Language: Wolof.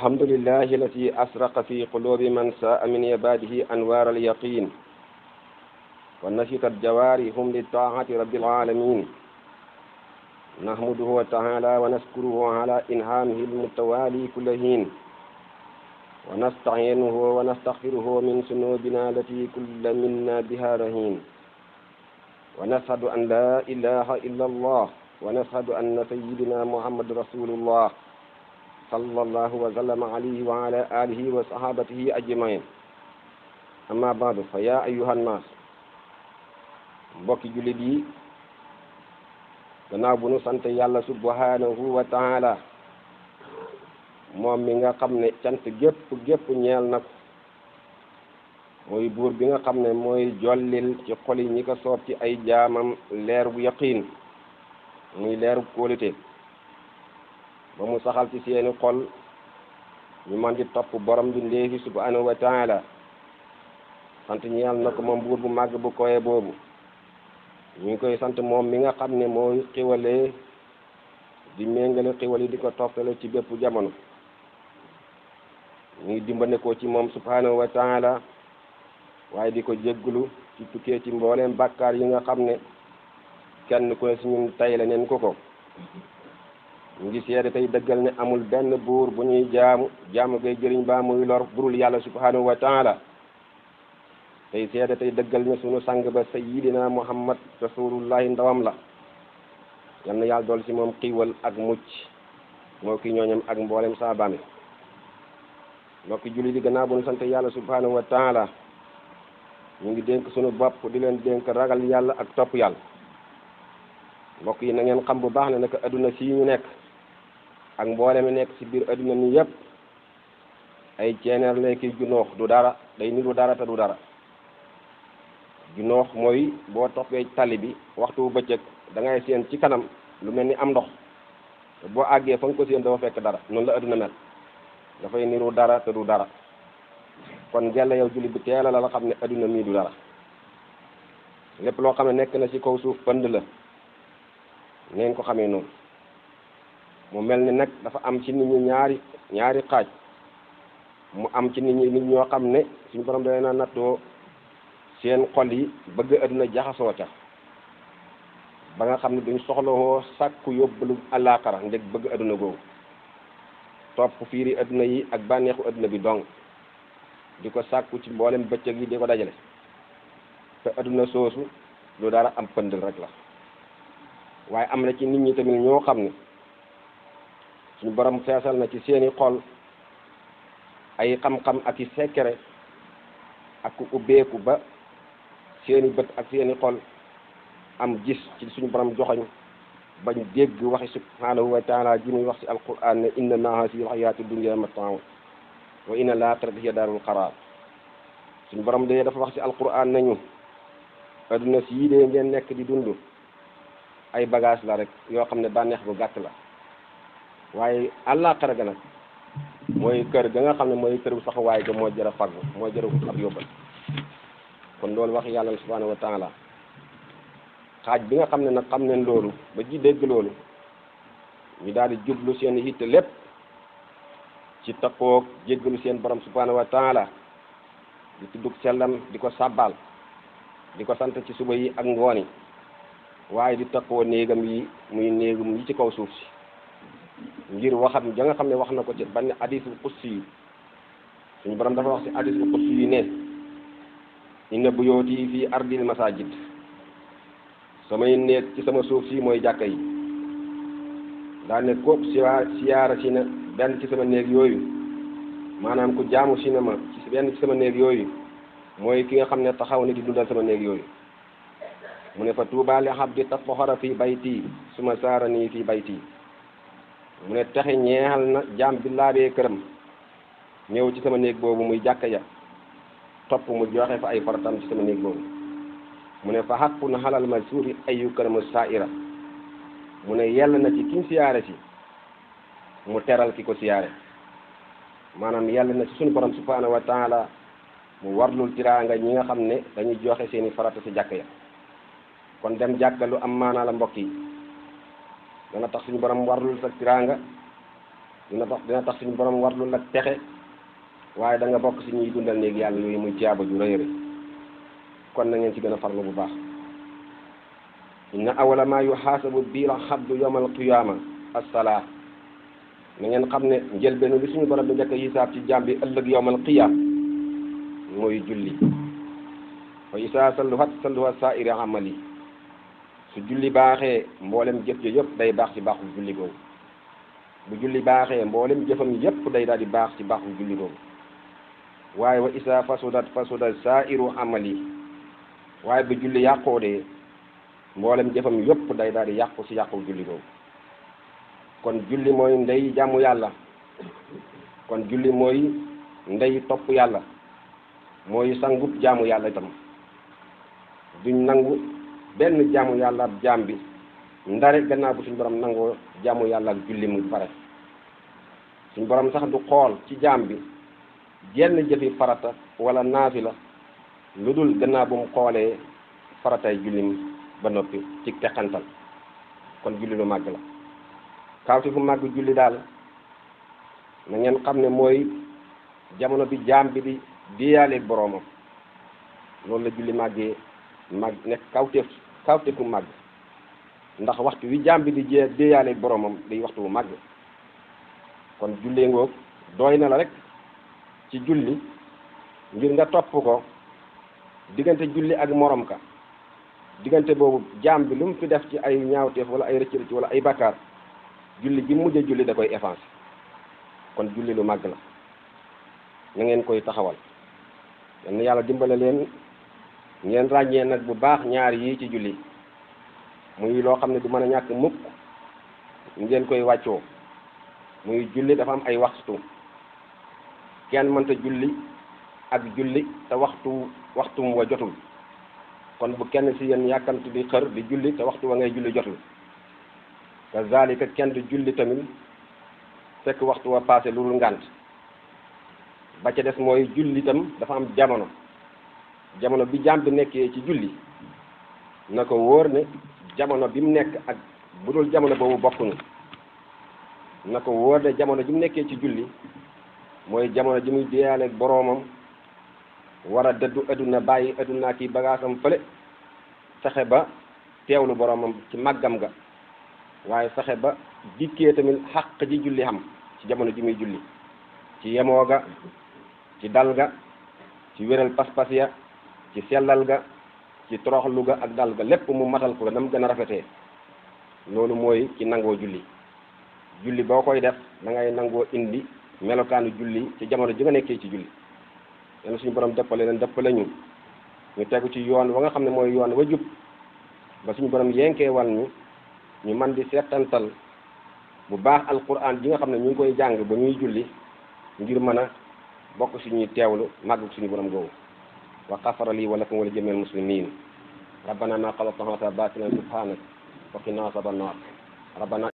الحمد لله الذي أسرق في قلوب من ساء من عباده أنوار اليقين ونشطت جوارهم للطاعة رب العالمين نحمده تعالى ونشكره على إنعامه المتوالي كل حين ونستعينه ونستغفره من ذنوبنا التي كل منا بها رهين ونشهد أن لا إله إلا الله ونشهد أن سيدنا محمد رسول الله صلى الله وسلم عليه وعلى آله وصحابته أجمعين أما بعد فيا أيها الناس بوكي جلدي دنا بنو سانت يالا سبحانه وتعالى موم ميغا خامني سانت جيب جيب نيال نك موي بور بيغا خامني موي جوليل سي خولي نيكا سوف اي جامام لير يقين ني لير كواليتي ba mu saxal ci seeni xol ñu man di topp borom bi léegi subhanahu wa taala sant ñeel na ko ma mbuur bu màgg bu koye boobu ñu ngi koy sant moom mi nga xam ne mooy xiwalee di méngale xiwal yi di ko toftale ci bépp jamono ñu ngi dimbandekoo ci moom subhanahu wa taala waaye di ko jégglu ci tukkee ci mbooleem bàkkaar yi nga xam ne kenn ku ne si ñun tey la neen ko ko ngi seede tay dëggal ne amul benn buur bu ñuy jaamu jaamu gay jëriñ ba muy lor burul yàlla subhanahu wa taala tay seede tay dëggal ne sunu sang ba sayidina muhammad rasulullahi ndawam la yal na yàlla dool si moom xiiwal ak mucc moo ki ñooñam ak mboolem bami mbokk julli di gannaaw bu ñu sant yàlla subhanahu wa taala ñu ngi dénk sunu bopp di leen dénk ragal yàlla ak topp yàlla mbokk yi na ngeen xam bu baax ne naka aduna ñu nekk ak mi nek ci biir aduna mi yépp ay ceeneer lay ki junoox du dara day niru dara ta du dara junoox moy bo topé tali bi waxtu beccëk da ngay seen ci kanam lu melni am ndox bo aggé fa nga ko seen dafa fekk dara non la aduna mel dafay niru dara ta du dara kon gella yow julli la la xamné ne mi du dara lépp lo xamné nek na ci kaw suuf bënd la ngeen ko xamé non mu mel ni nag dafa am ci nit ñi ñaari ñaari xaaj mu am ci nit ñi nit ñoo xam ne suñ suñu borom da naa nattoo seen xol yi bëgg adduna jaxasoo ca ba nga xam ne duñ soxlawoo sàkku yóbbalu àllaaxara ndeg bëgg adduna googu topp fiiri adduna yi ak bànneexu adduna bi dong di ko sàkku ci mboolem bëccëg yi di ko dajale te adduna soosu lu dara am pëndal rek la waaye am na ci nit ñi tamit ñoo xam ne suñu borom feesal na ci seeni xol ay xam-xam ak i sekkere ak ku ubbeeku ba seeni bët ak seeni xol am gis ci suñu borom joxoñ bañ dégg waxi subhanahu wa taala ji muy wax ci alquran ne inna ma haasihi alxayaatu dunya mataa wa inna laaxirata hiya daarul qaraar suñu borom de dafa wax ci alquran nañu adduna si yii de ngeen nekk di dund ay bagage la rek yoo xam ne bànneex bu gàtt la waaye àllaaxira ga nag mooy kër ga nga xam ne mooy kër bu sax waaye ga moo jëra faggu moo jëra ut ak yóbbal kon loolu wax yàlla subhanahu wa taala xaaj bi nga xam ne nag xam ne loolu ba ji dégg loolu ñu daal di jublu seen yitte lépp ci takkoog jéggalu seen borom subhanahu wa taala di tuddug sellam di ko sàbbaal di ko sant ci suba yi ak ngoon yi waaye di takkoo néegam yi muy néegam yi ci kaw suuf si ngir waxam ja nga xamne wax na ci ban hadisul qudsi suñu borom dafa wax ci hadisul qudsi ne inna buyoti fi ardil masajid sama neeg ci sama suuf ci moy jakkay da Dan ne ko siyaara si na benn ci sama neeg yoyu manam ku jaamu ci na ma ci ben ci sama neeg yoyu moy ki nga xamne ne taxaw ni di dundal sama neeg yoyu mu ne fa tuba li di tatahara fi bayti suma saara fi bayti mu ne taxe ñeexal na jaam bi laabee këram ñëw ci sama néeg boobu muy jàkka ja topp mu joxe fa ay faratam ci sama néeg boobu mu ne fa xaqun xalal ma suuri ayu karamu saaira mu ne yell na si mu teral ki ko maanaam yàlla na ci suñu borom subhanahu wa taala mu warlul tiraanga ñi nga xam ne dañuy joxe seeni farata si jàkk ya kon dem jàkka am maanaa la mbokk yi dana tax suñu borom warlul sa tiraanga dina tax suñu borom warlul ak texe waaye danga bokk si ñuy dundal néegi yàlla yooyu muy tiyaaba ju rëy kon na ngeen ci gën a farlu bu baax inna awala ma yuxaasabu a xabdu yawmal qiyaama assalaa na ngeen xam ne njëlbeenu li suñu borom bi njëkk a hisaab ci jàmm bi ëllëg yawmal qiyaam mooy julli fa isaa salluhat salluha saa'iri amali su julli baaxee mboolem jëf ji yëpp day baax ci baaxu julli googu bu julli baaxee mboolem jëfam yëpp day daal di baax ci baaxu julli waaye wa isa fasudat fasudat sairu amali waaye bu julli yàqoo mboolem jëfam yëpp day daal di yàqu ci yàqu julli googu kon julli mooy ndey jàmmu yàlla kon julli mooy ndey topp yàlla mooy sangub jaamu yàlla itam duñ nangu benn jaamu yàlla ak jaam bi ndare gannaaw bu suñu borom nangoo jaamu yàlla ak julli mu pare suñu borom sax du xool ci jaam bi genn jëfi farata wala naafila lu dul gannaaw bu mu xoolee faratay jullim ba noppi ci teqantal kon julli lu màgg la kawti fu màgg julli daal na ngeen xam ne mooy jamono bi jaam bi di diyaaleeg boroomam loolu la julli màggee mag nekk kawteef kawteefu màgg ndax waxtu wi jaam bi di jee déeyaale boromam day waxtu wu màgg kon jullee ngoog doy na la rek ci julli ngir nga topp ko diggante julli ak moroom ka diggante boobu jaam bi lu mu fi def ci ay ñaawteef wala ay rëcc rëcc wala ay bakkaar julli bi mujj julli da koy effacé kon julli lu màgg la na ngeen koy taxawal yal na yàlla dimbale leen ngeen ràññee nag bu baax ñaar yii ci julli muy loo xam ne du mën a ñàkk mukk ngeen koy wàccoo muy julli dafa am ay waxtu kenn mënta julli ak julli te waxtu waxtum wa jotul kon bu kenn ci yéen yàkkamti di xër di julli te waxtu wa ngay julli jotul kazalika kenn du julli tamit fekk waxtu wa passé lu dul ngànt ba ca des mooy julli itam dafa am jamono jamono bi jaam bi nekkee ci julli na ko wóor ne jamono bi mu nekk ak bu dul jamono boobu bokkuñu na ko wóor ne jamono ji mu nekkee ci julli mooy jamono ji muy deeyaale boroomam wara a dëddu adduna bàyyi adduna kii bagaasam fële saxe ba teewlu boroomam ci màggam ga waaye saxe ba dikkee tamit xàq ji julli xam ci jamono ji muy julli ci yemoo ga ci dal ga ci wéral pas-pas ya ci selal ga ci toroxlu ga ak dal ga lepp mu matal ko nam gëna rafété lolu moy ci nango julli julli bokoy def da ngay nango indi melokanu julli ci jamono ji nga nekké ci julli yàlla suñu borom dëppale yuan dëppale ñu ñu tegu ci yoon wa nga xamné moy yoon wa jub ba suñu borom yenkee wal ñu ñu man di sétantal bu baax alquran gi nga xamné ñu koy jang ba ñuy julli ngir mëna bokk suñu borom goow وغفر لي ولكم ولجميع المسلمين ربنا ما قضى الله باتنا سبحانك وقنا عذاب النار ربنا